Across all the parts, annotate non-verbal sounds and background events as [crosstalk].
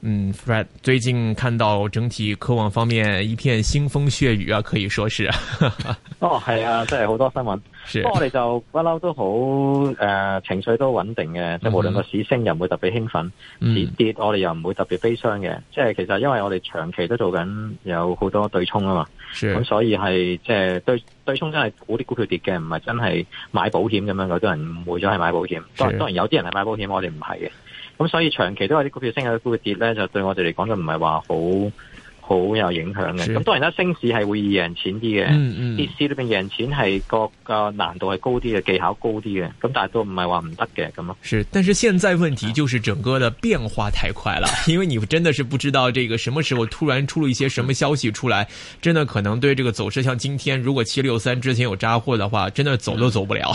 嗯，Fred 最近看到整體科網方面一片腥風血雨啊，可以說是。 [laughs] 哦，係啊，真係好多新聞。不過我哋就不嬲都好誒、呃，情緒都穩定嘅，即、嗯、係無論個市升又唔會特別興奮，跌、嗯、跌我哋又唔會特別悲傷嘅、嗯。即係其實因為我哋長期都做緊有好多對沖啊嘛，咁所以係即係對對沖真係估啲股票跌嘅，唔係真係買保險咁樣，有啲人誤會咗係買保險。當然當然有啲人係買保險，我哋唔係嘅。咁所以長期都有啲股票升，有啲股票跌咧，就對我哋嚟講就唔係話好好有影響嘅。咁當然啦，升市係會贏錢啲嘅，跌嗯市嗯裏邊贏錢係個個難度係高啲嘅，技巧高啲嘅。咁但係都唔係話唔得嘅咁咯。是，但是現在問題就是整個嘅變化太快啦，因為你真的是不知道這個什麼時候突然出了一些什麼消息出來，真的可能對這個走勢，像今天如果七六三之前有揸貨的話，真的走都走不了。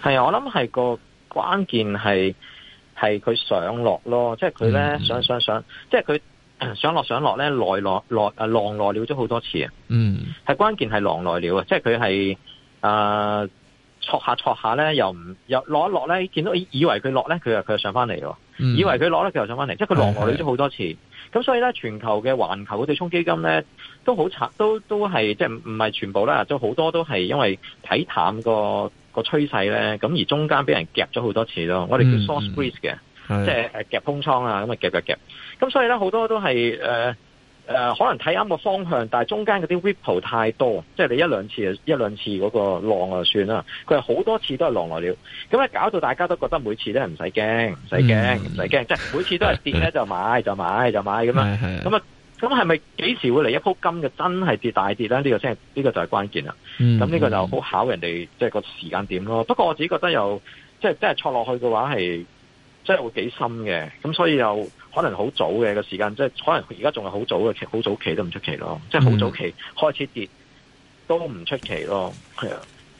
係 [laughs] 啊，我諗係個關鍵係。係佢上落咯，即係佢咧上上上，即係佢上落上落咧，內落落啊狼來了咗好多次啊，嗯，係關鍵係狼來了啊，即係佢係啊挫下挫下咧，又唔又落一落咧，見到以為佢落咧，佢又佢又上翻嚟咯，以為佢落咧，佢又上翻嚟、嗯，即係佢狼來了咗好多次，咁、嗯、所以咧，全球嘅環球對沖基金咧都好慘，都都係即係唔係係全部啦，都好多都係因為睇淡個。個趨勢咧，咁而中間俾人夾咗好多次咯。嗯、我哋叫 short squeeze 嘅，即係誒夾空倉啊，咁啊夾夾夾。咁所以咧好多都係誒誒，可能睇啱個方向，但係中間嗰啲 ripple 太多，即係你一兩次一兩次嗰個浪啊算啦。佢係好多次都係浪來了，咁咧搞到大家都覺得每次咧唔使驚，唔使驚，唔使驚，即係、嗯就是、每次都係跌咧就買 [laughs] 就買就買咁樣，咁啊。咁係咪幾時會嚟一鋪金嘅真係跌大跌咧？呢、呢個先係呢個就係關鍵啦。咁、嗯、呢、嗯、個就好考人哋，即係個時間點咯。不過我自己覺得又即係即係挫落去嘅話，係即係會幾深嘅。咁所以又可能好早嘅個時間，即係可能而家仲係好早嘅，期好早期都唔出奇咯。即係好早期開始跌都唔出奇咯。係啊。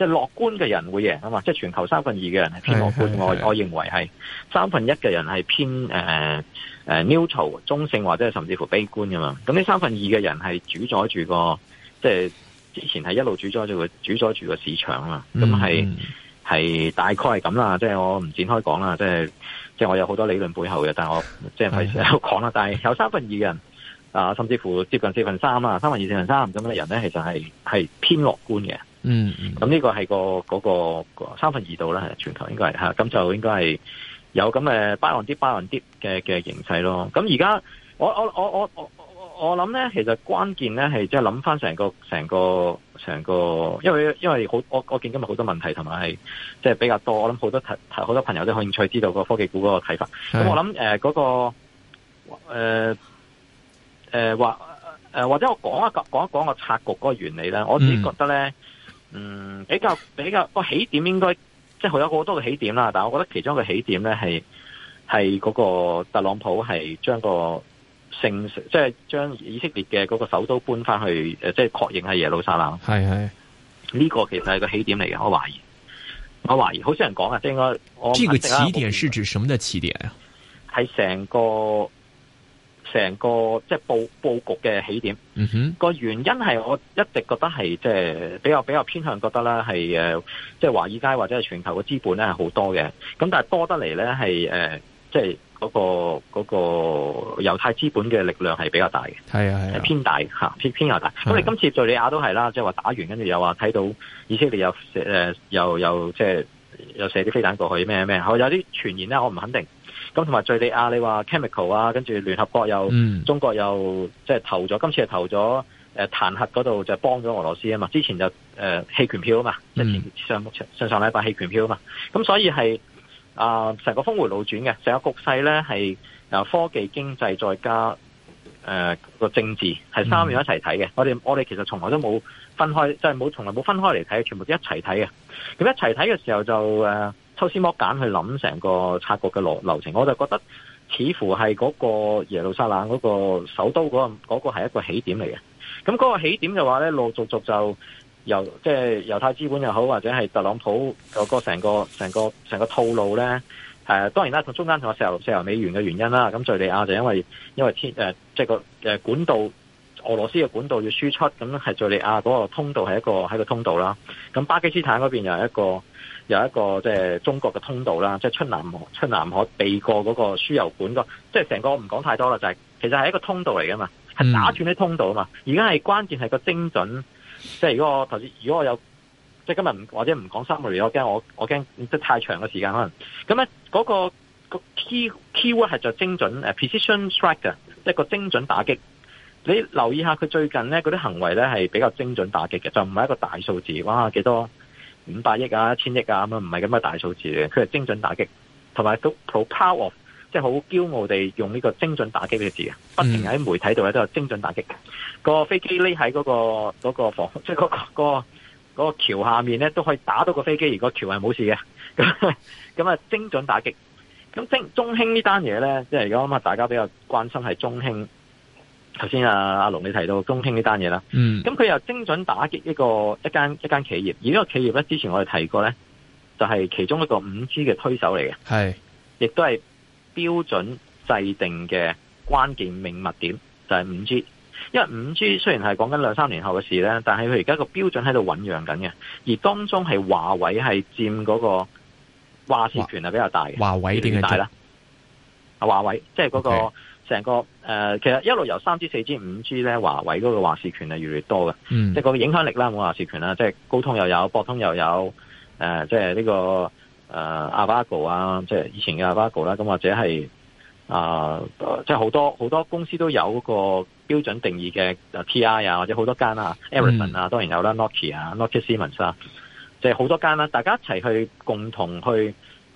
即係樂觀嘅人會贏，啊嘛！即、就、係、是、全球三分二嘅人係偏樂觀，是是是我我認為係三分一嘅人係偏誒誒 neutral 中性或者甚至乎悲觀噶嘛。咁呢三分二嘅人係主宰住個即係、就是、之前係一路主宰住個主宰住個市場啊嘛。咁係係大概係咁啦。即、就、係、是、我唔展開講啦。即係即係我有好多理論背後嘅，但係我即係係講啦。就是、是是但係有三分二嘅人啊，甚至乎接近四分三啦，三分二四分三咁嘅人咧，其實係係偏樂觀嘅。嗯，咁呢、嗯、個係個嗰、嗰個三分二度啦，係全球應該係吓，咁就應該係有咁嘅 buy on 啲 buy on 啲嘅嘅形勢咯。咁而家我我我我我我諗咧，其實關鍵咧係即係諗翻成個成個成個，因為因為好我我見今日好多問題，同埋係即係比較多。我諗好多好多朋友都興趣知道個科技股嗰個睇法。咁我諗誒嗰個誒誒或誒或者我講一講講一講個拆局嗰個原理咧，我自己覺得咧。嗯嗯，比較比較個起點應該即係好有好多個起點啦，但係我覺得其中一個起點咧係係嗰個特朗普係將個聖，即係將以色列嘅嗰個首都搬翻去誒，即係確認係耶路撒冷。係係呢個其實係個起點嚟嘅，我懷疑，我懷疑好少人講啊，即應該，我我。這個起點是指什麼嘅起點啊？係成個。成個即係佈佈局嘅起點，嗯哼，個原因係我一直覺得係即係比較比較偏向覺得啦，係誒，即係華爾街或者係全球嘅資本咧係好多嘅，咁但係多得嚟咧係誒，即係嗰個嗰個猶太資本嘅力量係比較大嘅，係啊係啊，偏大嚇，偏偏又大。咁你今次敍利亞都係啦，即係話打完跟住又話睇到以色列又誒又又即係又射啲飛彈過去咩咩，好有啲傳言咧，我唔肯定。咁同埋敘利亞啊，你話 chemical 啊，跟住聯合國又、嗯、中國又即係投咗，今次係投咗誒彈劾嗰度就幫咗俄羅斯啊嘛，之前就誒、呃、棄權票啊嘛，即、嗯、係上，上上禮拜棄權票啊嘛，咁所以係啊成個峰回路轉嘅，成個局勢咧係科技經濟再加誒個、呃、政治係三樣一齊睇嘅，我哋我哋其實從來都冇分開，即係冇從來冇分開嚟睇，全部都一齊睇嘅。咁一齊睇嘅時候就誒。呃抽絲剝繭去諗成個策局嘅流流程，我就覺得似乎係嗰個耶路撒冷嗰個首都嗰、那個係、那個、一個起點嚟嘅。咁嗰個起點嘅話呢，陸續續就由即係、就是、猶太資本又好，或者係特朗普嗰個成個成個,個,個套路呢。誒、啊，當然啦，佢中間同埋石油、石油美元嘅原因啦。咁敍利亞就因為因為天即係、呃就是、個管道，俄羅斯嘅管道要輸出，咁係敍利亞嗰個通道係一個喺個通道啦。咁巴基斯坦嗰邊又係一個。有一個即係中國嘅通道啦，即係出南河出南海避過嗰個輸油管、就是、整個，即係成個唔講太多啦，就係、是、其實係一個通道嚟噶嘛，係、嗯、打斷啲通道啊嘛。而家係關鍵係個精準，即、就、係、是、如果我頭先，如果我有即係今日唔或者唔講 summary，我驚我我驚即太長嘅時間可能。咁咧嗰個 key key word 係就精準誒、uh, precision strike 嘅，即、就、係、是、個精準打擊。你留意下佢最近咧嗰啲行為咧係比較精準打擊嘅，就唔係一個大數字，哇幾多？五百億啊，一千億啊咁樣，唔係咁嘅大數字嚟嘅，佢係精準打擊，同埋都好 power of，即係好驕傲地用呢個精準打擊呢個字啊。不停喺媒體度咧都有精準打擊，個飛機匿喺嗰個嗰個房，即係嗰個嗰個橋下面咧，都可以打到個飛機，而個橋係冇事嘅，咁 [laughs] 啊精準打擊，咁精中興呢單嘢咧，即係如果咁啊，大家比較關心係中興。頭先阿龍你提到中興呢單嘢啦，咁、嗯、佢又精準打擊一個一間一間企業，而呢個企業咧之前我哋提過咧，就係、是、其中一個五 G 嘅推手嚟嘅，係，亦都係標準制定嘅關鍵命脈點，就係五 G。因為五 G 雖然係講緊兩三年後嘅事咧，但係佢而家個標準喺度醞釀緊嘅，而當中係華為係佔嗰個話事權係比較大嘅，華為點大咧？阿華為即係嗰、那個。Okay. 成個誒、呃，其實一路由三 G、四 G、五 G 咧，華為嗰個話事權係越嚟越多嘅、嗯，即係個影響力啦，冇話事權啦，即係高通又有，博通又有，誒、呃，即係、這、呢個誒、呃、Avago 啊，即係以前嘅 Avago 啦、啊，咁或者係啊、呃，即係好多好多公司都有嗰個標準定義嘅 TR 啊，或者好多間啊，Ericsson 啊，當然有啦，Nokia 啊，Nokia Siemens 啊，即係好多間啦、啊，大家一齊去共同去。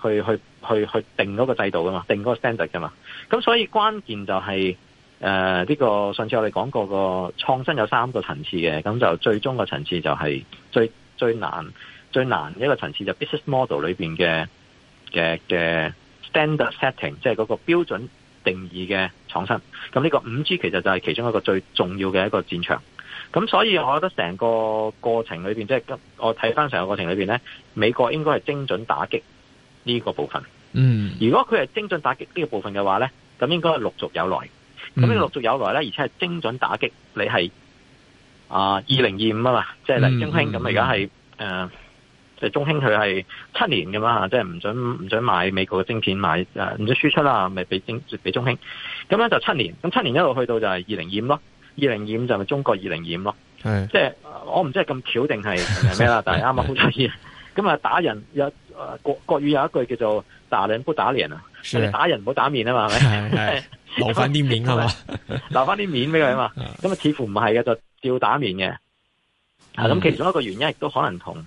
去去去去定嗰個制度噶嘛，定嗰個 standard 噶嘛。咁所以關鍵就係誒呢個上次我哋講過個創新有三個層次嘅，咁就最終個層次就係最最難最難一個層次就 business model 裏邊嘅嘅嘅 standard setting，即係嗰個標準定義嘅創新。咁呢個五 G 其實就係其中一個最重要嘅一個戰場。咁所以我覺得成個過程裏面，即係我睇翻成個過程裏面咧，美國應該係精準打擊。呢、這個部分，嗯，如果佢係精準打擊呢個部分嘅話咧，咁應該係陸、嗯這個、陸續有來。咁陸續有來咧，而且係精準打擊，你係啊二零二五啊嘛，即係嚟中興咁而家係誒，即係中興佢係七年咁啊，即係唔准唔准買美國嘅晶片，買誒，唔准輸出啦，咪俾晶俾中興咁咧，就七年，咁七年一路去到就係二零二五咯，二零二五就咪中國二零二五咯，即係、就是、我唔知係咁巧定係咩啦，是是 [laughs] 但係啱啱好在意，咁啊 [laughs] [laughs] 打人有。國國語有一句叫做打人不打臉啊，打人唔好打面啊嘛，係 [laughs] 留翻啲面係嘛，留翻啲面俾佢啊嘛，咁啊似乎唔係嘅，就照打面嘅。咁、嗯、其中一個原因亦都可能同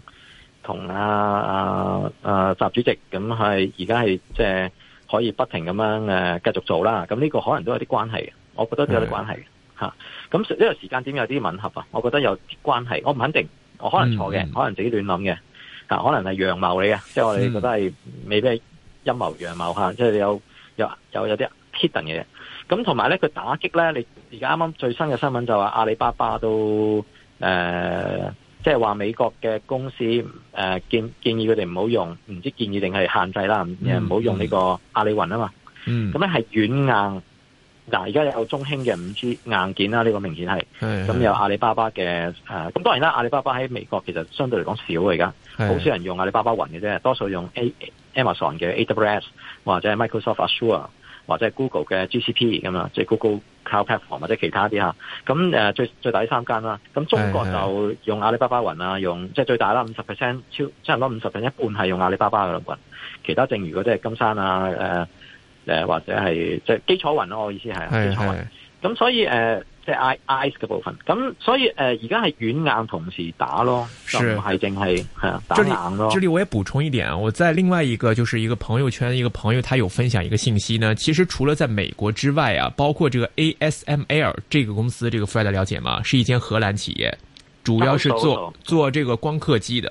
同阿阿阿習主席咁係而家係即係可以不停咁樣誒繼續做啦。咁呢個可能都有啲關係嘅，我覺得都有啲關係咁吓。咁時間時間點有啲吻合啊，我覺得有啲關係，我唔肯定，我可能錯嘅、嗯，可能自己亂諗嘅。啊、可能係陽謀嚟嘅，即係我哋覺得係未必係陰謀陽謀吓、嗯，即你有有有有啲 hidden 嘅嘢。咁同埋咧，佢打擊咧，你而家啱啱最新嘅新聞就話阿里巴巴都、誒，即係話美國嘅公司誒、呃、建建議佢哋唔好用，唔知建議定係限制啦，唔、嗯、好用呢個阿里雲啊嘛。嗯，咁咧係軟硬。嗱，而家有中興嘅 5G 硬件啦，呢、這個明顯係，咁、嗯、有阿里巴巴嘅，誒、呃，咁當然啦，阿里巴巴喺美國其實相對嚟講少啊，而家好少人用阿里巴巴雲嘅啫，多數用 A Amazon 嘅 AWS 或者 Microsoft Azure 或者 Google 嘅 GCP 咁啊，即係 Google Cloud Platform 或者其他啲吓，咁、啊、誒最最大三間啦，咁、啊、中國就用阿里巴巴雲啊，用即係最大啦，五十 percent 超差唔多五十 percent，一半係用阿里巴巴嘅雲，其他正如嗰啲係金山啊，誒、呃。誒，或者係即係基礎雲咯，我意思係基礎雲。咁所以誒，即係 IIS 嘅部分。咁所以誒，而家係軟硬同時打咯。唔係淨係係啊，是是打硬咯這。這裡我也補充一點啊，我在另外一個就是一個朋友圈，一個朋友他有分享一個信息呢。其實除了在美國之外啊，包括這個 ASML 這個公司，這個 Fred 了解嗎？是一間荷蘭企業，主要是做做這個光刻機的。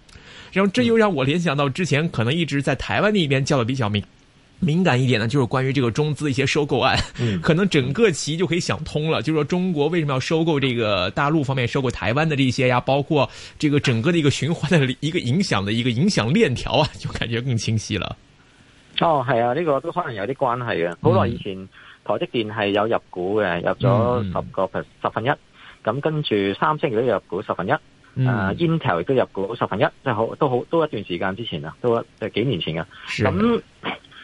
然後這又讓我聯想到之前可能一直在台灣那一邊叫的比較敏敏感一點呢，就是關於這個中資一些收購案，可能整個棋就可以想通了，就是說中國為什麼要收購這個大陸方面收購台灣的這些呀？包括這個整個的一個循環的一個影響的一個影響鏈條啊，就感覺更清晰了。哦，係啊，呢個都可能有啲關係嘅。好耐以前台積電係有入股嘅，入咗十個 percent，十分一，咁跟住三星亦都入股十分一。誒、嗯 uh, Intel 亦都入過十分一，即係好都好都一段時間之前啊，都即係幾年前啊。咁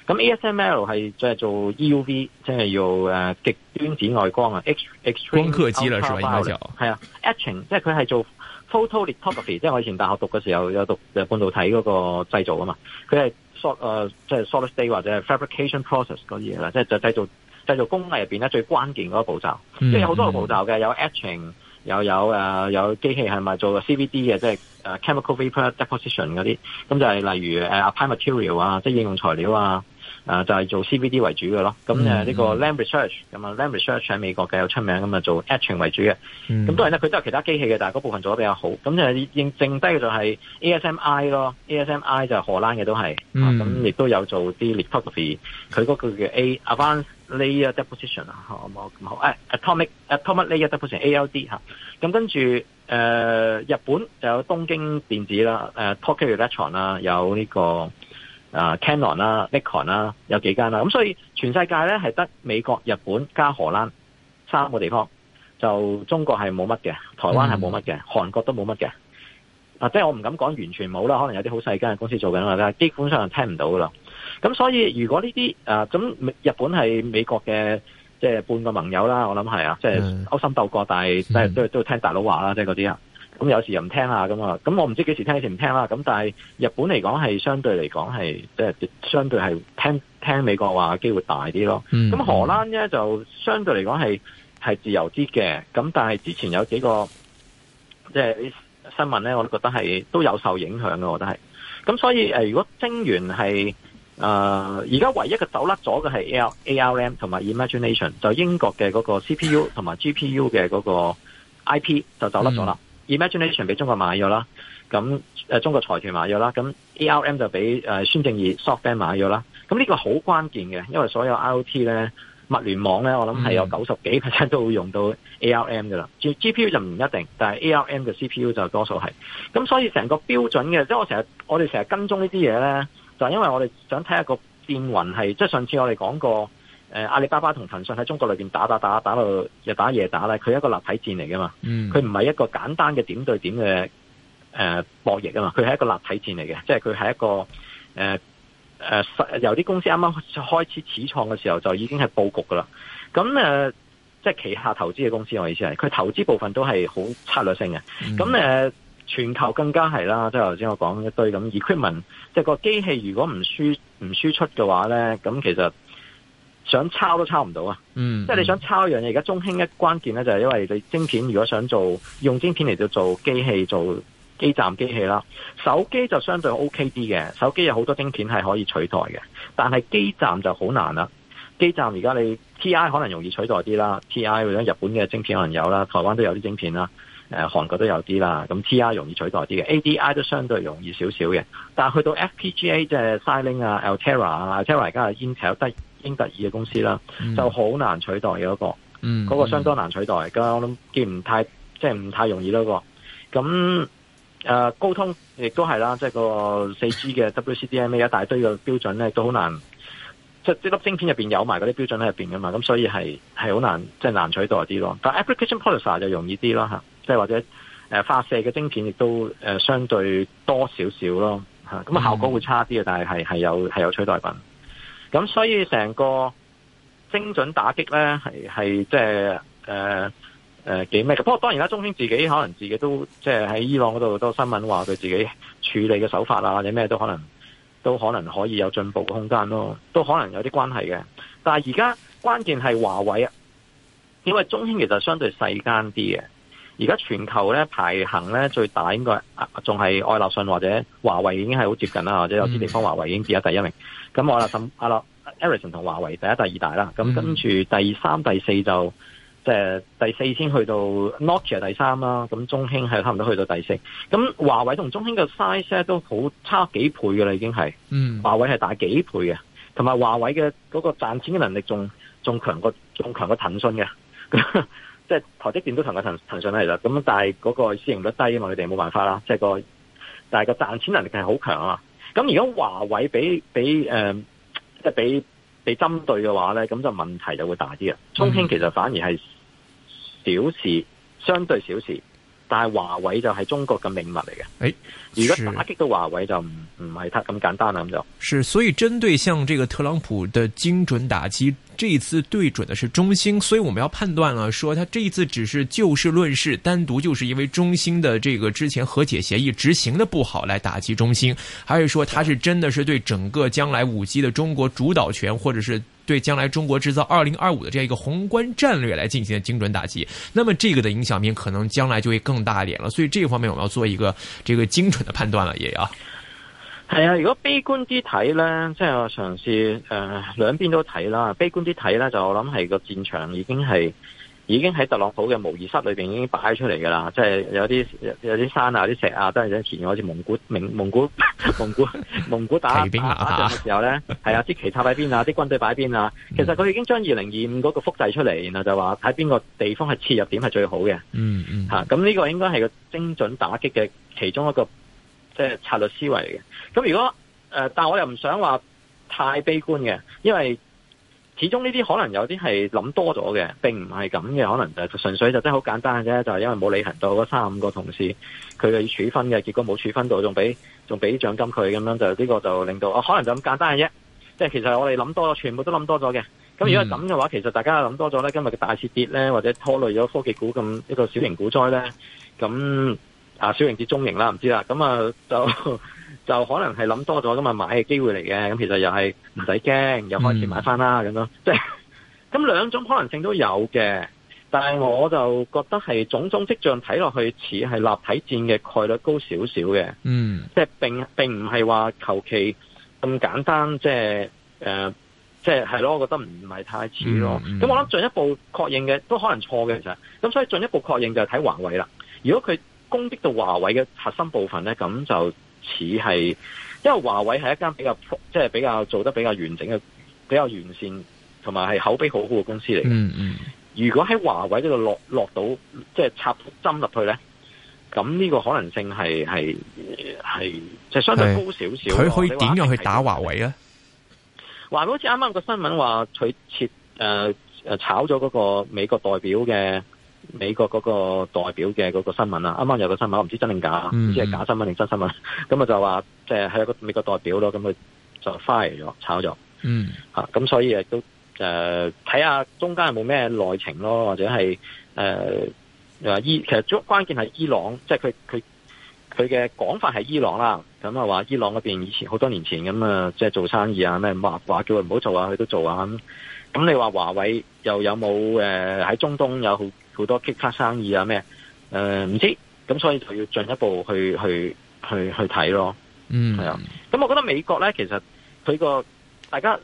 咁 ASML 係即係做 EUV，即係要極端紫外光啊 x extreme 光刻機啦，係咪叫做？係啊，etching 即係佢係做 photo lithography，即係我以前大學讀嘅時候有讀半導體嗰個製造啊嘛。佢係 sol 即 solid state 或者 fabrication process 嗰啲啦，即係製造製造工藝入邊咧最關鍵嗰個步驟、嗯。即係有好多個步驟嘅、嗯，有 etching。又有誒有機器係咪做 CVD 嘅，即係 chemical vapor deposition 嗰啲，咁就係例如誒 apply material 啊，即係應用材料啊，誒就係做 CVD 為主嘅咯。咁誒呢個 Lam Research 咁啊，Lam Research 喺美國嘅有出名，咁啊做 etching 為主嘅。咁當然咧，佢都有其他機器嘅，但係嗰部分做得比較好。咁就係剩低嘅就係 ASMI 咯，ASMI 就係荷蘭嘅都係，咁亦都有做啲 lithography。佢嗰個叫 A Advanced 呢個 deposition 啊，冇咁好。atomic atomic layer deposition A L D 吓。咁跟住誒、呃、日本就有東京電子啦，誒、呃、Tokyo Electron 啦，有呢、這個啊、呃、Canon 啦，Nikon 啦，有幾間啦。咁所以全世界咧係得美國、日本加荷蘭三個地方，就中國係冇乜嘅，台灣係冇乜嘅，嗯、韓國都冇乜嘅。啊，即係我唔敢講完全冇啦，可能有啲好細間嘅公司做緊啦，但係基本上聽唔到噶啦。咁所以如果呢啲啊咁日本係美國嘅即係半個盟友啦，我諗係啊，即係勾心鬥角，但係都都、嗯、都聽大佬話啦，即係嗰啲啊。咁、嗯嗯、有時又唔聽啊，咁啊。咁我唔知幾時聽幾時唔聽啦。咁但係日本嚟講係相對嚟講係即係相對係聽、聽美國話機會大啲咯。咁、嗯、荷蘭咧就相對嚟講係係自由啲嘅。咁但係之前有幾個即係新聞咧，我都覺得係都有受影響嘅，我覺得係。咁所以、呃、如果精元係。誒、呃，而家唯一嘅走甩咗嘅係 A R A R M 同埋 Imagination，就英國嘅嗰個 C P U 同埋 G P U 嘅嗰個 I P 就走甩咗啦。Imagination 俾中國買咗啦，咁誒、呃、中國財團買咗啦，咁 A R M 就俾誒孫正義 SoftBank 買咗啦。咁呢個好關鍵嘅，因為所有 I O T 咧物聯網咧，我諗係有九十幾 percent 都會用到 A R M 噶啦。G、嗯、G P U 就唔一定，但係 A R M 嘅 C P U 就多數係。咁所以成個標準嘅，即係我成日我哋成日跟蹤呢啲嘢咧。就因為我哋想睇一個戰雲係，即係上次我哋講過，誒、呃、阿里巴巴同騰訊喺中國裏邊打打打打到日打夜打咧，佢係一個立體戰嚟嘅嘛，佢唔係一個簡單嘅點對點嘅誒、呃、博弈啊嘛，佢係一個立體戰嚟嘅，即係佢係一個誒誒、呃呃、由啲公司啱啱開始始創嘅時候就已經係佈局㗎啦。咁誒、呃，即係旗下投資嘅公司，我意思係佢投資部分都係好策略性嘅。咁、嗯、誒、呃，全球更加係啦，即係頭先我講一堆咁 equipment。即個機器如果唔輸唔輸出嘅話呢，咁其實想抄都抄唔到啊！Mm-hmm. 即係你想抄一樣嘢，而家中興一關鍵呢，就係因為你晶片如果想做用晶片嚟到做機器做基站機器啦，手機就相對 OK 啲嘅，手機有好多晶片係可以取代嘅，但係基站就好難啦。基站而家你 TI 可能容易取代啲啦，TI 或者日本嘅晶片可能有啦，台灣都有啲晶片啦。誒、啊、韓國都有啲啦，咁 T I 容易取代啲嘅，A D I 都相對容易少少嘅。但去到 F P G A 即係 Xilinx 啊、Altera 啊、Altera 而家係英英特爾嘅公司啦，嗯、就好難取代嘅個、那個，嗰、嗯那個相當難取代嘅、嗯，我諗既唔太即係唔太容易嗰、那個。咁誒、呃、高通亦都係啦，即、就、係、是、個四 G 嘅 W C D M A [laughs] 一大堆嘅標準咧，都好難。即係粒晶片入面有埋嗰啲標準喺入面㗎嘛，咁所以係好難即係、就是、難取代啲咯。但 Application Processor 就容易啲啦即係或者誒發射嘅晶片亦都誒相對多少少咯嚇，咁啊效果會差啲嘅，但係係係有係有取代品。咁所以成個精準打擊咧係係即係誒誒幾咩？不過當然啦，中興自己可能自己都即係喺伊朗嗰度都有新聞話佢自己處理嘅手法啊，或者咩都可能都可能可以有進步嘅空間咯，都可能有啲關係嘅。但係而家關鍵係華為啊，因為中興其實相對細間啲嘅。而家全球咧排行咧最大應該仲係愛立信或者華為已經係好接近啦，或者有啲地方華為已經跌咗第一名。咁我立信、阿、嗯、樂、Ericsson 同華為第一、第二大啦。咁、嗯、跟住第三、第四就即係、就是、第四先去到 Nokia 第三啦。咁中興係差唔多去到第四。咁華為同中興嘅 size 都好差幾倍噶啦，已經係。嗯。華為係大幾倍嘅，同埋華為嘅嗰個賺錢嘅能力仲仲強過仲強過騰訊嘅。 [laughs] 即係台積電都騰嘅騰騰上嚟啦，咁但係嗰個市盈率低啊嘛，佢哋冇辦法啦。即係個，但係個賺錢能力係好強啊。咁如果華為俾俾誒，即係俾被針對嘅話呢，咁就問題就會大啲啊。中興其實反而係小事，相對小事。但係華為就係中國嘅命脈嚟嘅。誒，如果打擊到華為就唔唔係咁簡單啦，咁就。是，所以針對像這個特朗普的精準打擊，這一次對準的是中興，所以我們要判斷了說他這一次只是就事論事，單獨就是因為中興的這個之前和解協議執行的不好來打擊中興，還是說他是真的是對整個將來五 G 的中國主導權，或者是？對將來中國製造二零二五的這樣一個宏觀戰略來進行精準打擊，那麼這個的影響面可能將來就會更大一點了。所以這方面我們要做一個這個精準的判斷了，也要。係啊，如果悲觀啲睇呢？即係我嘗試誒、呃、兩邊都睇啦。悲觀啲睇呢，就我諗係個戰場已經係。已經喺特朗普嘅模擬室裏邊已經擺出嚟㗎喇，即係有啲有啲山啊、啲石啊，都係有前，好似蒙古明蒙古蒙古蒙古，蒙古打打仗嘅時候咧，係啊，啲旗插喺邊啊，啲軍隊擺邊啊，其實佢已經將二零二五嗰個複製出嚟，然後就話喺邊個地方係切入點係最好嘅。嗯嗯、啊，嚇，咁呢個應該係個精準打擊嘅其中一個即係策略思維嚟嘅。咁如果誒、呃，但我又唔想話太悲觀嘅，因為。始終呢啲可能有啲係諗多咗嘅，並唔係咁嘅，可能就純粹就真係好簡單嘅啫，就係、是、因為冇履行到嗰三十五個同事佢哋要處分嘅，結果冇處分到，仲俾仲俾獎金佢咁樣就，就、這、呢個就令到、啊、可能就咁簡單嘅啫。即係其實我哋諗多咗，全部都諗多咗嘅。咁如果咁嘅話，其實大家諗多咗咧，今日嘅大市跌咧，或者拖累咗科技股咁一個小型股災咧，咁啊小型至中型啦，唔知啦。咁啊就。 [laughs] 就可能係諗多咗咁，啊，買嘅機會嚟嘅，咁其實又係唔使驚，又開始買翻啦咁樣，即係咁兩種可能性都有嘅，但係我就覺得係種種跡象睇落去似係立體戰嘅概率高少少嘅。嗯，即係並並唔係話求其咁簡單，即係誒，即係係咯，我覺得唔係太似咯。咁，嗯嗯，我諗進一步確認嘅都可能錯嘅，其實咁所以進一步確認就係睇華為啦。如果佢攻擊到華為嘅核心部分咧，咁就。似係，因為華為係一間比較即係、就是、比較做得比較完整嘅、比較完善同埋係口碑好好嘅公司嚟。嗯嗯，如果喺華為呢度落落到即係、就是、插針入去咧，咁呢個可能性係係係，就是、相對高少少。佢可以點樣去打華為咧？華為好似啱啱個新聞話，佢撤誒誒炒咗嗰個美國代表嘅。美國嗰個代表嘅嗰個新聞啊，啱啱有個新聞，我唔知真定假，唔知係假新聞定真新聞，咁、mm. 啊、 [laughs] 嗯、就話，即係係一個美國代表咯，咁佢就 fire 咗，炒咗，嗯，吓，咁、mm. 啊、所以亦都誒睇下中間有冇咩內情咯，或者係誒，又、呃、伊，其實最關鍵係伊朗，即係佢佢佢嘅講法係伊朗啦，咁啊話伊朗嗰邊以前好多年前咁啊、嗯，即係做生意啊咩，話話叫佢唔好做啊，佢都做啊，咁、嗯，咁你話華為又有冇誒喺中東有好？好多 kick 卡生意啊咩？誒、呃、唔知咁，所以就要進一步去去去去睇咯。嗯，係啊。咁我覺得美國咧，其實佢個大家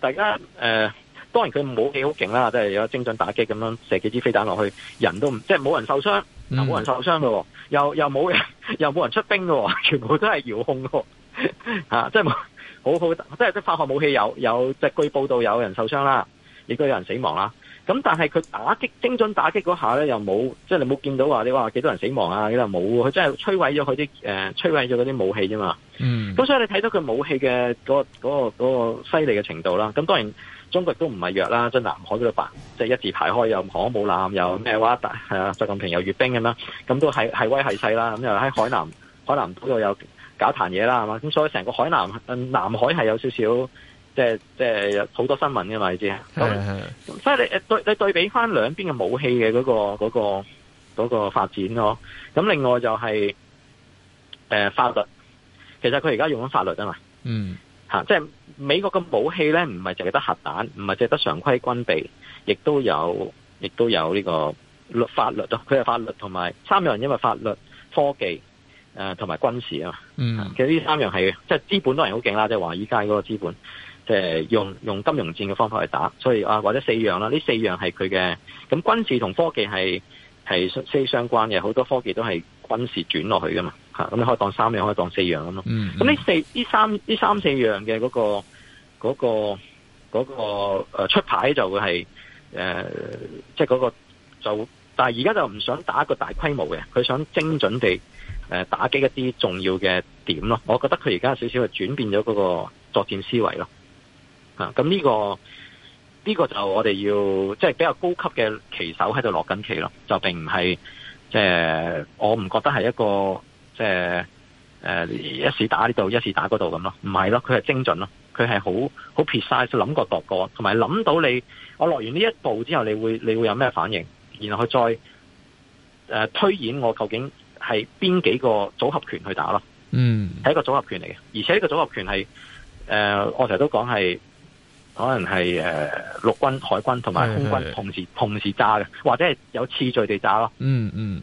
大家誒、呃，當然佢武器好勁啦，即係有精準打擊咁樣射幾支飛彈落去，人都唔，即係冇人受傷，又冇人受傷嘅喎、啊嗯，又又冇又冇人出兵嘅喎、啊，全部都係遙控㗎喎、啊、即係冇好好，即係啲化學武器有有，有，即係據報道有人受傷啦，亦都有人死亡啦。咁但係佢打擊精準打擊嗰下咧，又冇即係你冇見到話你話幾多人死亡啊？嗰啲又冇喎，佢真係摧毀咗佢啲誒摧毀咗嗰啲武器啫嘛。嗯，咁所以你睇到佢武器嘅嗰個嗰個嗰個犀利嘅程度啦。咁當然中國亦都唔係弱啦，將南海嗰度辦，即係一字排開，又航母艦，又咩話大啊，習近平又閱兵咁啦，咁都係係威係勢啦。咁又喺海南海南島度又搞一壇嘢啦，係嘛？咁所以成個海南南海係有少少。即係即係好多新聞嘅嘛，你知， [music] [music] 所以你對你對比翻兩邊嘅武器嘅嗰個嗰個嗰個發展咯。咁另外就係誒法律，其實佢而家用緊法律啊嘛，嗯吓，即係美國嘅武器咧，唔係淨係得核彈，唔係淨係得常規軍備，亦都有亦都有呢個律法律咯。佢係法律同埋三樣，因為法律科技、誒同埋軍事啊嘛。嗯，其實呢三樣係即係資本都係好勁啦，即係華爾街嗰個資本。即係用用金融戰嘅方法去打，所以啊或者四樣啦，呢四樣係佢嘅。咁軍事同科技係係相相關嘅，好多科技都係軍事轉落去噶嘛。吓，咁你可以當三樣，可以當四樣咁咯。咁、嗯、呢、嗯、四呢三呢三四樣嘅嗰個嗰個嗰個誒、呃、出牌就會係誒即係嗰個就，但係而家就唔想打一個大規模嘅，佢想精準地誒打擊一啲重要嘅點咯。我覺得佢而家少少係轉變咗嗰個作戰思維咯。咁、嗯、呢、這個呢、這個就我哋要即係、就是、比較高級嘅棋手喺度落緊棋咯，就並唔係即係我唔覺得係一個即係誒一時打呢度一時打嗰度咁咯，唔係咯，佢係精準咯，佢係好好 precise 諗過度過，同埋諗到你我落完呢一步之後，你會你會有咩反應，然後佢再誒、呃、推演我究竟係邊幾個組合拳去打咯，嗯，係一個組合拳嚟嘅，而且呢個組合拳係誒、呃、我成日都講係。可能係誒陸軍、海軍同埋空軍同時同時炸嘅，或者係有次序地炸咯。嗯嗯。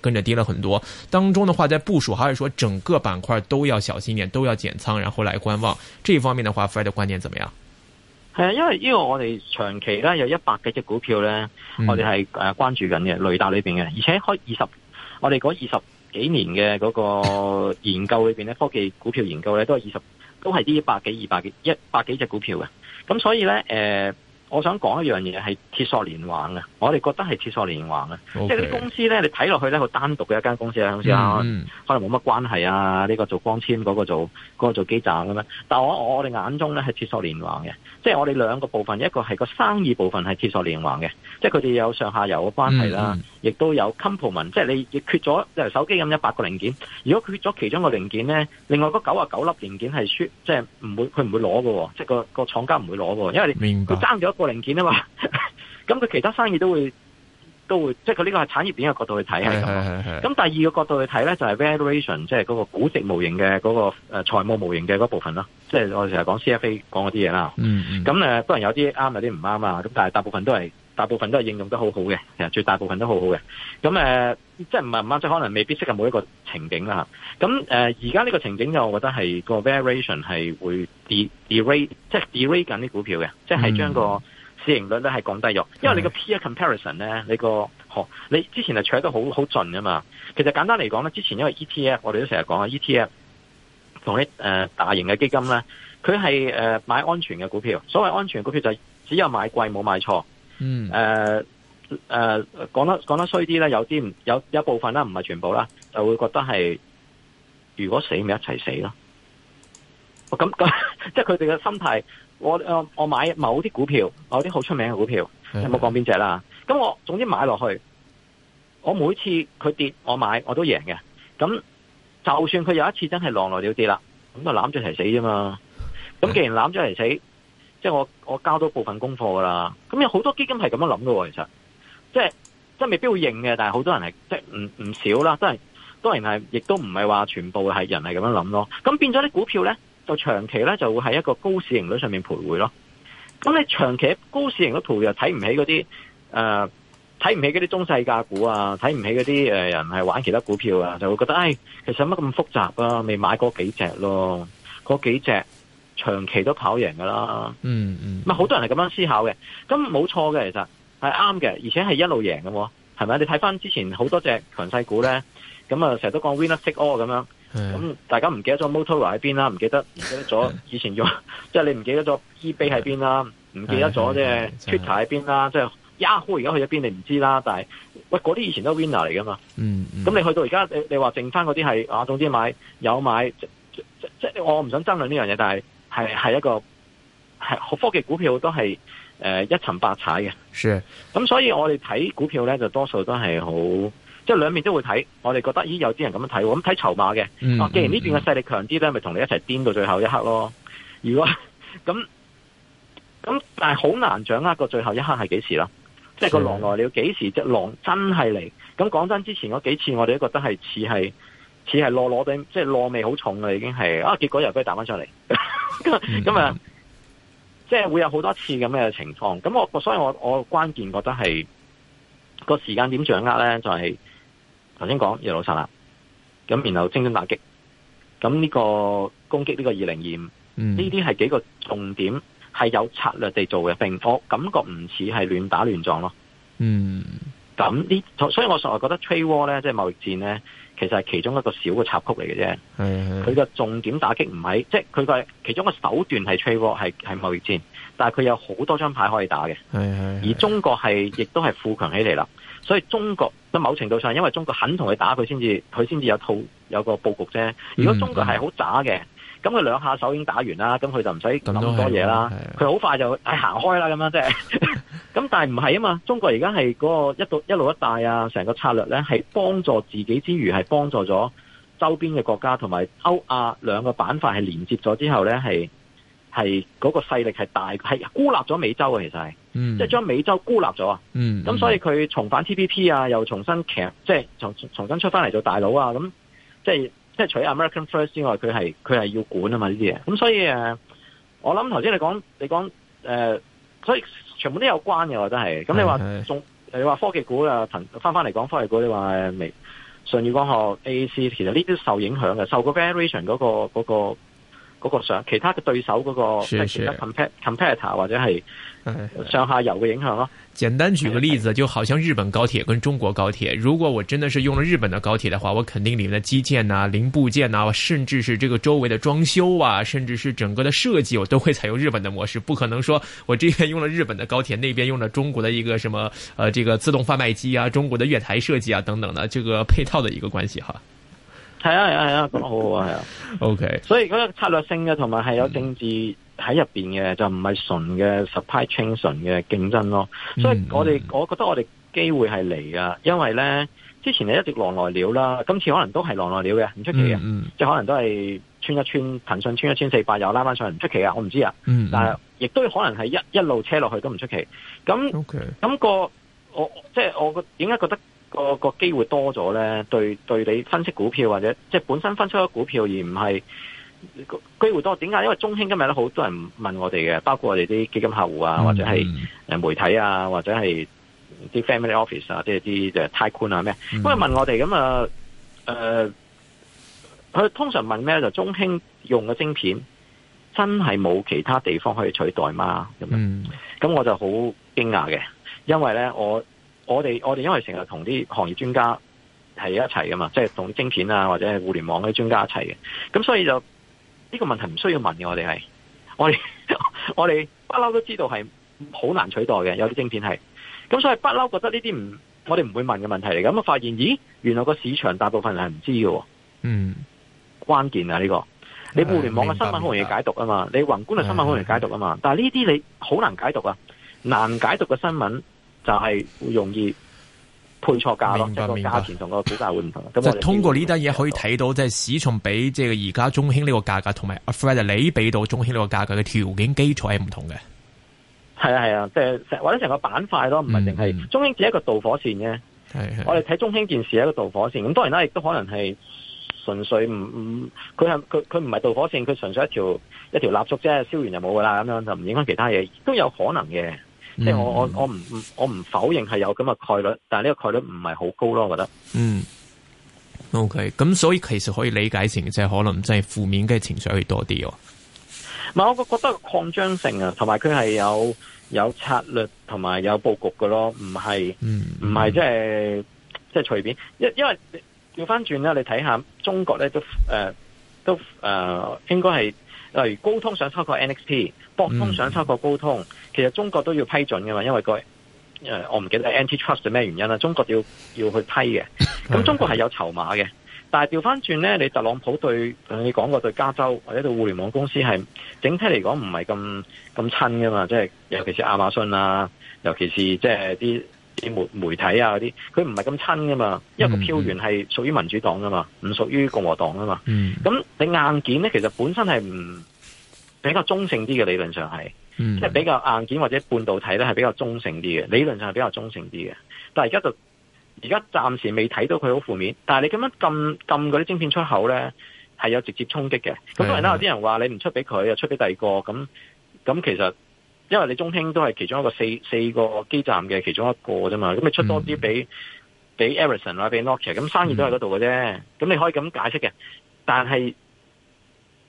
跟着跌了很多，當中的話在部署還是說整個板塊都要小心一點，都要減倉，然後來觀望。這一方面的話，Frank 的觀點怎麼樣？係啊，因為呢個我哋長期咧有一百幾隻股票咧，我哋係誒關注緊嘅雷達裏邊嘅，而且開二十，我哋嗰二十幾年嘅嗰個研究裏邊咧， [laughs] 科技股票研究咧都係二十，都係啲百幾二百幾一百幾隻股票嘅，咁所以咧誒。呃我想講一樣嘢係鐵索連環嘅，我哋覺得係鐵索連環嘅，Okay. 即係啲公司咧，你睇落去咧，佢單獨嘅一間公司啊，好似啊，可能冇乜關係啊，呢、呢個做光纖，嗰個做嗰、嗰個做基站咁樣。但係我我哋眼中咧係鐵索連環嘅，即係我哋兩個部分，一個係個生意部分係鐵索連環嘅，即係佢哋有上下游嘅關係啦，亦、Mm-hmm. 都有 complement，即係你亦缺咗，就係手機咁一百個零件，如果缺咗其中個零件咧，另外嗰九啊九粒零件係輸，即係唔會佢唔會攞嘅，即係個個廠家唔會攞嘅，因為佢爭咗。零件啊嘛，咁佢其他生意都會都會，即係佢呢個係產業鏈嘅角度去睇係咁。咁第二個角度去睇咧就係、是、valuation，即係嗰個估值模型嘅嗰個誒、呃、財務模型嘅嗰部分啦，即係我成日講 CFA 講嗰啲嘢啦。咁、嗯、誒、嗯，當、呃、然有啲啱有啲唔啱啊。咁但係大部分都係。大部分都係應用得好好嘅，其實絕大部分都好好嘅。咁誒、呃，即係唔係唔啱，即係可能未必適合每一個情景啦咁誒，而家呢個情景就我覺得係個 variation 係會 degrade，即係 degrade 緊啲股票嘅、嗯，即係將個市盈率咧係降低咗。因為你個 peer comparison 咧，你個學你之前係取得好好盡噶嘛。其實簡單嚟講咧，之前因為 ETF，我哋都成日講啊，ETF 同啲誒大型嘅基金咧，佢係誒買安全嘅股票。所謂安全股票就係只有買貴冇買錯。嗯，誒、呃、誒，講、呃、得講得衰啲咧，有啲有有一部分啦，唔係全部啦，就會覺得係如果死咪一齊死咯。咁咁，即係佢哋嘅心態。我買我買某啲股票，某啲好出名嘅股票，有冇講邊隻啦？咁我總之買落去，我每次佢跌，我買我都贏嘅。咁就算佢有一次真係狼來了跌啦，咁就攬住齊齊死啫嘛。咁既然攬咗齊齊死。即係我我交咗部分功課噶啦，咁有好多基金係咁樣諗嘅喎，其實即係即係未必會認嘅，但係好多人係即係唔唔少啦，真係當然係亦都唔係話全部係人係咁樣諗咯。咁變咗啲股票咧，就長期咧就會喺一個高市盈率上面徘徊咯。咁你長期喺高市盈率圖又睇唔起嗰啲誒，睇、呃、唔起嗰啲中細價股啊，睇唔起嗰啲誒人係玩其他股票啊，就會覺得唉、哎，其實乜咁複雜啊？未買過幾隻咯，嗰幾隻。長期都跑贏噶啦，嗯嗯，好多人係咁樣思考嘅，咁冇錯嘅，其實係啱嘅，而且係一路贏嘅喎，係咪你睇翻之前好多隻強勢股咧，咁啊成日都講 winner take all 咁樣，咁、嗯、大家唔記得咗 motor 喺邊啦，唔記得唔記得咗以前用，即 [laughs] 係你唔記得咗 eb 喺邊啦，唔記得咗即係 twitter 喺邊啦，即、就、係、是、yahoo 而家去咗邊你唔知啦，但係喂嗰啲以前都 winner 嚟噶嘛，嗯，咁、嗯、你去到而家你話話剩翻嗰啲係啊總之買有買，即即即我唔想爭論呢樣嘢，但係。係係一個係科技股票都係誒、呃、一沉百踩嘅，咁、嗯、所以我哋睇股票呢，就多數都係好即係兩面都會睇，我哋覺得咦有啲人咁樣睇，咁睇籌碼嘅，既然呢邊嘅勢力強啲呢，咪同你一齊癲到最後一刻咯。如果咁咁、嗯嗯嗯，但係好難掌握個最後一刻係幾時啦，即係個狼來了幾時，隻狼真係嚟？咁講真，之前嗰幾次我哋都覺得係似係。似係落落底，即係落味好重啦，已經係啊！結果又俾佢打翻出嚟，咁、嗯、啊、 [laughs] 嗯，即係會有好多次咁嘅情況。咁我，所以我我關鍵覺得係個時間點掌握咧，就係頭先講耶路撒冷，咁然後精準打擊，咁呢、呢個攻擊呢個二零二五，呢啲係幾個重點，係有策略地做嘅，並我感覺唔似係亂打亂撞咯。嗯。咁呢，所以我實在覺得 trade war 咧，即係貿易戰咧，其實係其中一個小嘅插曲嚟嘅啫。係佢嘅重點打擊唔係，即係佢嘅其中嘅手段係 trade war，係貿易戰，但係佢有好多張牌可以打嘅。係而中國係亦都係富強起嚟啦，所以中國都某程度上，因為中國肯同佢打佢，佢先至佢先至有套有個佈局啫。如果中國係好渣嘅。嗯嗯咁佢兩下手已經打完啦，咁佢就唔使諗咁多嘢啦。佢好、啊啊、快就誒行開啦，咁樣即係。咁、就是、 [laughs] 但係唔係啊嘛？中國而家係嗰個一一路一帶啊，成個策略咧係幫助自己之餘係幫助咗周邊嘅國家，同埋歐亞兩個板塊係連接咗之後咧，係係嗰個勢力係大係孤立咗美洲啊，其實係、嗯，即係將美洲孤立咗啊。咁、嗯、所以佢重返 TPP 啊，又重新騎即係重重新出翻嚟做大佬啊，咁即係。即係除咗 American First 之外，佢係佢係要管啊嘛呢啲嘢，咁所以誒，我諗頭先你講你講誒、呃，所以全部都有關嘅，我真係。咁你話仲，你話科技股啊，騰翻翻嚟講科技股，說技股你話舜宇光學 AAC，其實呢啲受影響嘅，受個 valuation 嗰個、嗰個。嗰個嗰、那個上其他嘅對手嗰個，其他 compet competitor 或者係上下游嘅影響咯。簡單舉個例子，是是就好像日本高鐵跟中國高鐵，如果我真的是用了日本的高鐵的話，我肯定裡面的基建啊、零部件啊，甚至是這個周圍的裝修啊，甚至是整個的設計，我都會採用日本的模式。不可能說我這邊用了日本的高鐵，那邊用了中國的一個什麼，呃，這個自動販賣機啊、中國的月台設計啊等等的，這個配套的一個關係哈、啊。係啊係啊係啊，講、啊啊、得好好啊係啊，OK，所以嗰個策略性嘅同埋係有政治喺入邊嘅，就唔係純嘅 supply chain 純嘅競爭咯。所以我哋我覺得我哋機會係嚟噶，因為咧之前你一直狼來了啦，今次可能都係狼來了嘅，唔出奇嘅、嗯嗯，即係可能都係穿一穿騰訊穿一穿，四百又拉翻上，嚟，唔出奇啊，我唔知啊，但係亦都可能係一一路車落去都唔出奇。咁咁、okay。咁個我即係我個點解覺得？個個機會多咗咧，對對你分析股票或者即係本身分析個股票而唔係機會多，點解？因為中興今日咧，好多人問我哋嘅，包括我哋啲基金客戶啊，嗯、或者係誒、呃、媒體啊，或者係啲 family office 啊，即係啲誒泰寬啊咩，不過、嗯、問我哋咁啊誒，佢、呃、通常問咩就是，中興用嘅晶片真係冇其他地方可以取代嗎？咁樣，咁、嗯、我就好驚訝嘅，因為咧我。我哋我哋因為成日同啲行業專家係一齊噶嘛，即係同啲晶片啊或者係互聯網啲專家一齊嘅，咁所以就呢個問題唔需要問嘅。我哋係我哋 [laughs] 我哋不嬲都知道係好難取代嘅，有啲晶片係，咁所以不嬲覺得呢啲唔我哋唔會問嘅問題嚟嘅。咁發現咦，原來個市場大部分係唔知嘅，嗯，關鍵啊呢個，你互聯網嘅新聞好容易解讀啊嘛，明白明白你宏觀嘅新聞好容易解讀啊嘛，嗯嘛嗯、但係呢啲你好難解讀啊，難解讀嘅新聞。就係、會、容易配錯價咯，個價錢同個股價會唔同。即 [laughs] 係通過呢單嘢可以睇到，即係市崇比即係而家中興呢個價格，同埋 Affair 你俾到中興呢個價格嘅條件基礎係唔同嘅。係啊係啊，即係成或者成個板塊咯，唔係淨係中興只係一個導火線啫。我哋睇中興件事係一個導火線，咁當然啦，亦都可能係純粹唔唔，佢係佢佢唔係導火線，佢純粹，純粹一條一條蠟燭啫，燒完就冇噶啦，咁樣就唔影響其他嘢，都有可能嘅。即、嗯、係我我我唔我唔否認係有咁嘅概率，但係呢個概率唔係好高咯，我覺得。嗯。O K，咁所以其實可以理解成即係可能即係負面嘅情緒會多啲哦。唔係，我覺覺得個擴張性啊，同埋佢係有有策略同埋有布局噶咯，唔係唔係即係即係隨便。因因為調翻轉啦，你睇下中國咧都誒、呃、都誒、呃、應該係例如高通想收購 N X P。高通想收購高通，其實中國都要批准噶嘛，因為個誒、呃、我唔記得 Antitrust 係咩原因啦，中國要要去批嘅。咁 [laughs] 中國係有籌碼嘅，但係調翻轉咧，你特朗普對你講過對加州或者對互聯網公司係整體嚟講唔係咁咁親噶嘛，即係尤其是亞馬遜啊，尤其是即係啲媒媒體啊嗰啲，佢唔係咁親噶嘛，因為個票源係屬於民主黨噶嘛，唔屬於共和黨啊嘛。嗯，咁你硬件咧，其實本身係唔。比較中性啲嘅理論上係、嗯，即係比較硬件或者半導體咧係比較中性啲嘅，理論上係比較中性啲嘅。但係而家就而家暫時未睇到佢好負面，但係你咁樣禁禁嗰啲晶片出口咧係有直接衝擊嘅。咁可然啦，嗯、有啲人話你唔出俾佢，又出俾第二個，咁咁其實因為你中興都係其中一個四四個基站嘅其中一個啫嘛，咁你出多啲俾俾 Ericsson 啦，俾、嗯啊、Nokia，咁生意都喺嗰度嘅啫，咁、嗯、你可以咁解釋嘅，但係。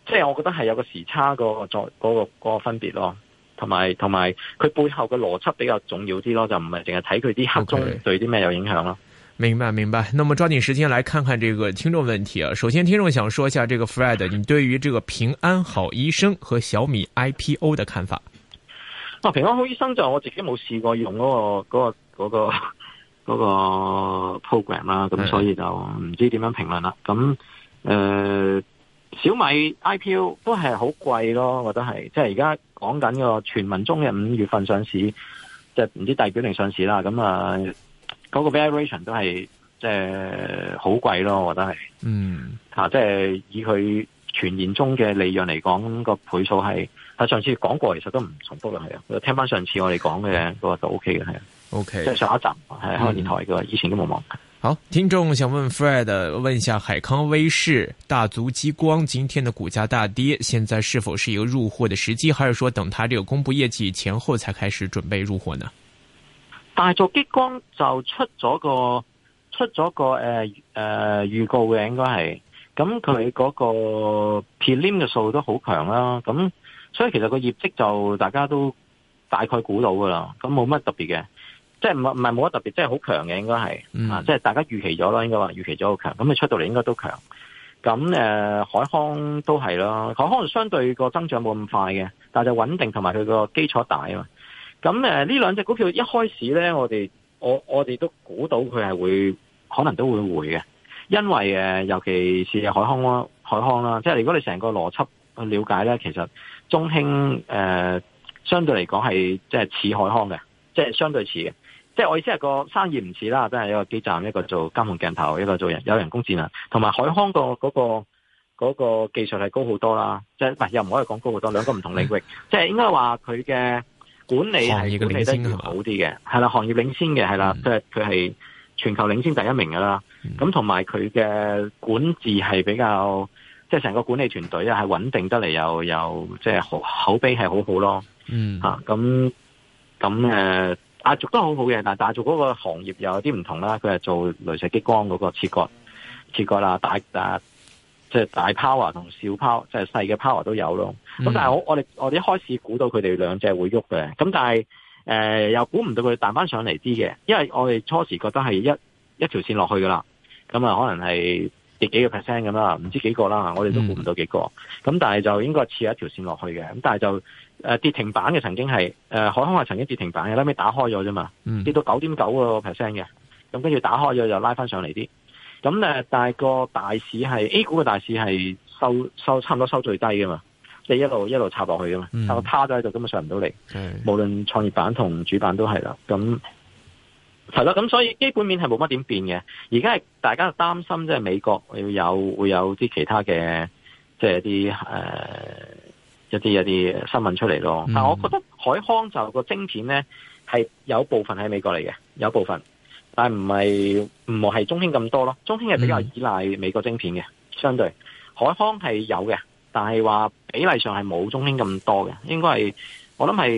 即係我覺得係有個時差個嗰個個分別咯，同埋同埋佢背後嘅邏輯比較重要啲咯，就唔係淨係睇佢啲黑中對啲咩有影響咯。Okay. 明白明白。那麼抓緊時間來看看這個聽眾問題啊。首先，聽眾想說一下，這個 Fred，你對於這個平安好醫生和小米 IPO 的看法？啊，平安好醫生就我自己冇試過用嗰、那個嗰、那個嗰、那個嗰、那個那個 program 啦，咁所以就唔知點樣評論啦。咁誒。呃小米 IPO 都係好貴咯，我覺得係，即係而家講緊個傳聞中嘅五月份上市，即係唔知代表定上市啦。咁啊，嗰、那個 variation 都係即係好貴咯，我覺得係。嗯，吓、啊、即係以佢傳言中嘅利潤嚟講、那個倍數係，喺上次講過，其實都唔重複嘅，係啊。聽翻上次我哋講嘅，嗰個就 OK 嘅，係、嗯、啊。OK，即係上一集係開電台嘅、嗯，以前都冇望。好，聽眾想問 Fred，問一下海康威視、大族激光今天的股價大跌，現在是否是一個入貨的時機，還是說等他這個公布業績前後才開始準備入貨呢？大族激光就出咗個出咗個誒誒、呃呃、預告嘅，應該係咁佢嗰個 prelim 嘅數都好強啦，咁所以其實個業績就大家都大概估到噶啦，咁冇乜特別嘅。即係唔係唔係冇乜特別，即係好強嘅應該係，啊、嗯、即係大家預期咗啦，應該話預期咗好強，咁佢出到嚟應該都強。咁誒、呃、海康都係啦，海康相對個增長冇咁快嘅，但係就穩定同埋佢個基礎大啊嘛。咁呢兩隻股票一開始咧，我哋我我哋都估到佢係會可能都會回嘅，因為、呃、尤其是海康囉。海康啦，即係如果你成個邏輯去了解咧，其實中興誒、呃、相對嚟講係即係似海康嘅，即係相對似嘅。即係我意思係、個生意唔似啦，都係一個基站，一個做監控鏡頭，一個做人有人工智能，同埋海康、嗰個嗰個、嗰個技術係高好多啦。即係又唔可以講高好多，兩個唔同領域。 [laughs] 即係應該話佢嘅管理係 [laughs] 管理得要好啲嘅，係 [laughs] 啦，行業領先嘅係啦，佢佢係全球領先第一名噶啦。咁同埋佢嘅管治係比較，即係成個管理團隊咧係穩定得嚟，又又即係口口碑係好好咯。嗯咁咁誒。啊，大族都好好嘅，但但大族嗰個行業又有啲唔同啦。佢係做鐳射激光嗰個切割、切割啦，大即係大、就是、大 power 同小 power，即係細嘅 power 都有咯。咁、嗯、但係我我哋我哋一開始估到佢哋兩隻會喐嘅，咁但係誒、呃、又估唔到佢彈翻上嚟啲嘅，因為我哋初時覺得係一一條線落去噶啦，咁啊可能係跌幾，幾，幾個 percent 咁啦，唔知幾個啦，我哋都估唔到幾個，咁、嗯、但係就應該似一條線落去嘅，咁但係就。誒、呃，跌停板嘅曾經係，誒、呃，海康係曾經跌停板嘅，後尾打開咗啫嘛，跌到九點九個 percent 嘅，咁跟住打開咗就拉翻上嚟啲，咁誒，但係個大市係 A 股嘅大市係收收差唔多收最低噶嘛，即係一路一路插落去噶嘛，就趴咗喺度根本上唔到嚟，無論創業板同主板都係啦，咁係啦，咁所以基本面係冇乜點變嘅，而家係大家擔心即係美國有會有會有啲其他嘅，即係啲誒。呃一啲一啲新聞出嚟咯，但係我覺得海康就個晶片咧係有部分喺美國嚟嘅，有部分，但係唔係唔係中興咁多咯。中興係比較依賴美國晶片嘅，相對海康係有嘅，但係話比例上係冇中興咁多嘅，應該係我諗係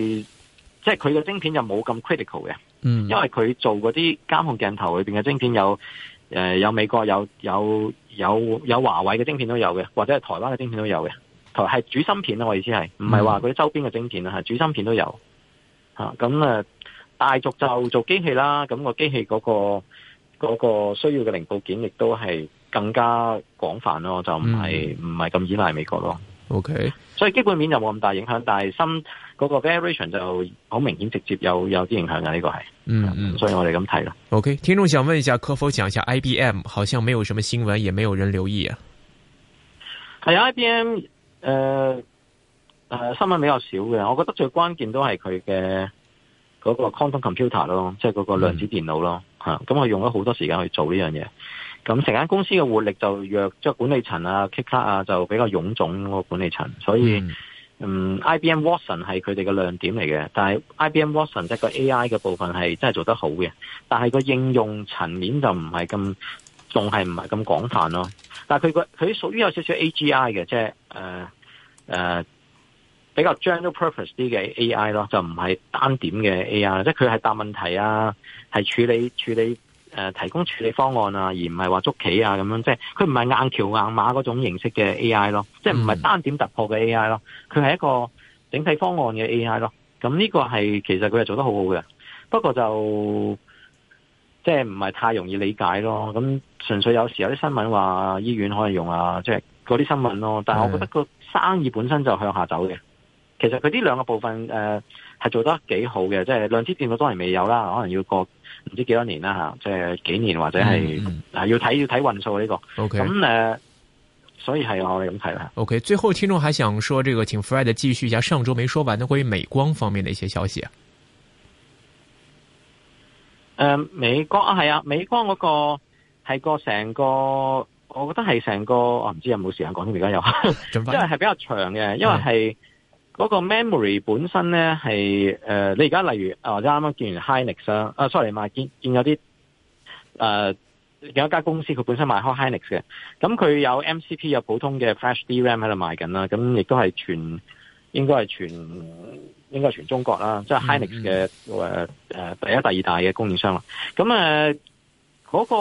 即係佢嘅晶片就冇咁 critical 嘅，因為佢做嗰啲監控鏡頭裏面嘅晶片有有美國有有有有華為嘅晶片都有嘅，或者係台灣嘅晶片都有嘅。係主芯片，我意思係，唔係話佢啲周邊嘅晶片啊？吓、嗯、主芯片都有吓。咁、啊嗯、大族就做機器啦，咁、那個機器嗰、嗰個嗰、嗰個需要嘅零部件，亦都係更加廣泛咯。就唔係唔係咁依賴美國咯。OK，所以基本面就冇咁大影響，但係芯嗰個 variation 就好明顯，直接有有啲影響嘅呢、呢個係。嗯嗯，所以我哋咁睇啦 OK，聽眾想問一下，可否講一下 I B M？好像沒有什麼新聞，也沒有人留意啊。係啊，I B M。誒、呃、誒、呃，新聞比較少嘅，我覺得最關鍵都係佢嘅嗰個 quantum computer 咯，即係嗰個量子電腦咯。吓、嗯嗯，咁、嗯、佢用咗好多時間去做呢樣嘢。咁成間公司嘅活力就弱，即係管理層啊、Kick 卡啊，就比較臃腫個管理層。所以，嗯，嗯，I B M Watson 係佢哋嘅亮點嚟嘅。但係 I B M Watson 即係個 A I 嘅部分係真係做得好嘅，但係個應用層面就唔係咁。仲係唔係咁廣泛咯？但係佢個佢屬於有少少 A G I 嘅，即係誒誒比較 general purpose 啲嘅 A I 咯，就唔係單點嘅 A I，即係佢係答問題啊，係處理處理誒、呃、提供處理方案啊，而唔係話捉棋啊咁樣，即係佢唔係硬橋硬馬嗰種形式嘅 A I 咯，即係唔係單點突破嘅 A I 咯，佢係一個整體方案嘅 A I 咯。咁呢個係其實佢係做得好好嘅，不過就。即係唔係太容易理解咯，咁純粹有時有啲新聞話醫院可以用啊，即係嗰啲新聞咯。但係我覺得個生意本身就向下走嘅、嗯。其實佢呢兩個部分誒係、呃、做得幾好嘅，即、就、係、是、量子電腦當然未有啦，可能要過唔知幾多年啦吓，即、就、係、是、幾年或者係要睇、嗯、要睇運數呢個。O K，咁誒，所以係我哋咁睇啦。O、okay, K，最後聽眾還想說，這個請 Fred 繼續一下上周沒說完的關於美光方面的一些消息。誒、嗯，美國啊，係啊，美國嗰個係個成個，我覺得係成個，我、啊、唔知有冇時間講，而家有，因為係比較長嘅，因為係嗰個 memory 本身咧係誒，你而家例如啊，或者啱啱見完 Hynix，啊，sorry，賣見見有啲誒，呃、有一間公司佢本身賣開 Hynix 嘅，咁佢有 MCP 有普通嘅 Flash DRAM 喺度賣緊啦，咁亦都係全。應該係全應該係全中國啦，即係 Hynix 嘅誒、誒、第一第二大嘅供應商啦。咁誒，嗰個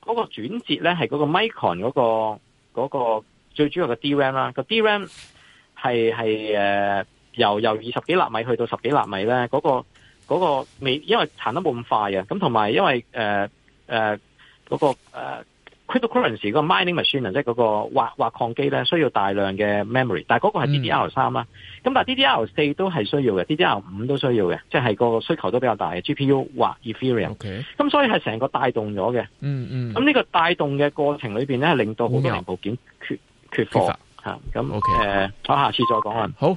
嗰個轉折咧，係嗰個 Micron 嗰個嗰個最主要嘅 DRAM 啦。個 DRAM 係係誒，由由二十幾納米去到十幾納米咧，嗰個嗰個未因為彈得冇咁快啊。咁同埋因為誒、誒、嗰個、呃 crypto currency 嗰個 mining machine 咪算啊，即係嗰個挖挖礦機咧需要大量嘅 memory，但係個係 DDR 三、啊、啦，咁、嗯、但係 DDR 四都係需要嘅、嗯，DDR 五都需要嘅，即係個需求都比較大，GPU 嘅或 Ethereum，咁、okay、所以係成個帶動咗嘅，嗯嗯，咁呢個帶動嘅過程裏邊咧係令到好多零部件缺缺貨嚇，咁誒、啊 okay 呃，我下次再講啊，好。